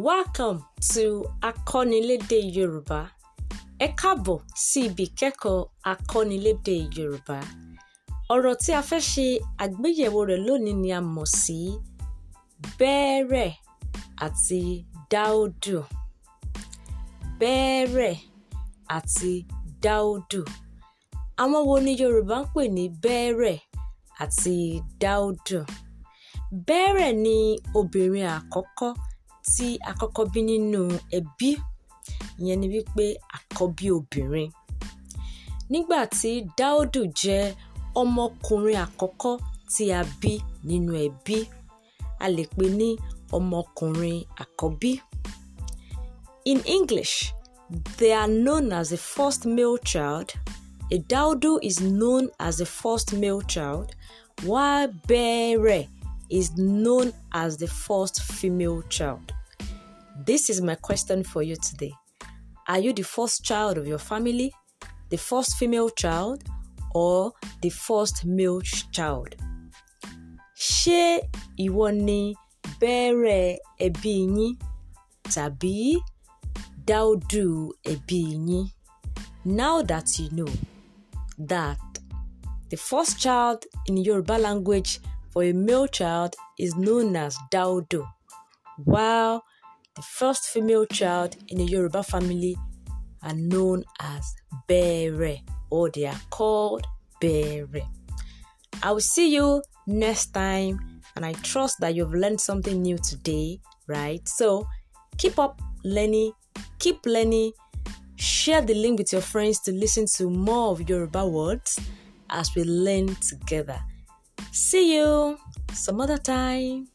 Welcome to Akọ́nilédè Yorùbá. Ẹ káàbọ̀ sí ibi ìkẹ́kọ̀ọ́ Akọ́nilédè Yorùbá. Ọ̀rọ̀ tí a fẹ́ ṣe àgbéyẹ̀wò rẹ̀ lónìí ni a mọ̀ sí bẹ́ẹ̀rẹ̀ àti dáódù. Bẹ́ẹ̀rẹ̀ àti dáódù. Àwọn wo ni Yorùbá ń pè ní bẹ́ẹ̀rẹ̀ àti dáódù? Bẹ́ẹ̀rẹ̀ ni obìnrin àkọ́kọ́ tí a bí nínú ẹbí ìyẹn ni wípé àkọ́bí obìnrin nígbà tí dáódù jẹ́ ọmọkùnrin àkọ́kọ́ tí a bí nínú ẹbí a lè pè ní ọmọkùnrin àkọ́bí. In English, they are known as the first male child. A daudu is known as the first male child, while bẹ̀rẹ̀ is known as the first female child. This is my question for you today. Are you the first child of your family, the first female child, or the first male child? ṣé ìwọ ni bẹ̀rẹ̀ ẹbí yín tàbí dáódù ẹbí yín? Now that you know that the first child in Yoruba language for a male child is known as Daudo, while the first female child in a Yoruba family are known as Bere, or they are called Bere. I will see you next time, and I trust that you've learned something new today, right? So keep up learning, keep learning, share the link with your friends to listen to more of Yoruba words as we learn together. See you some other time.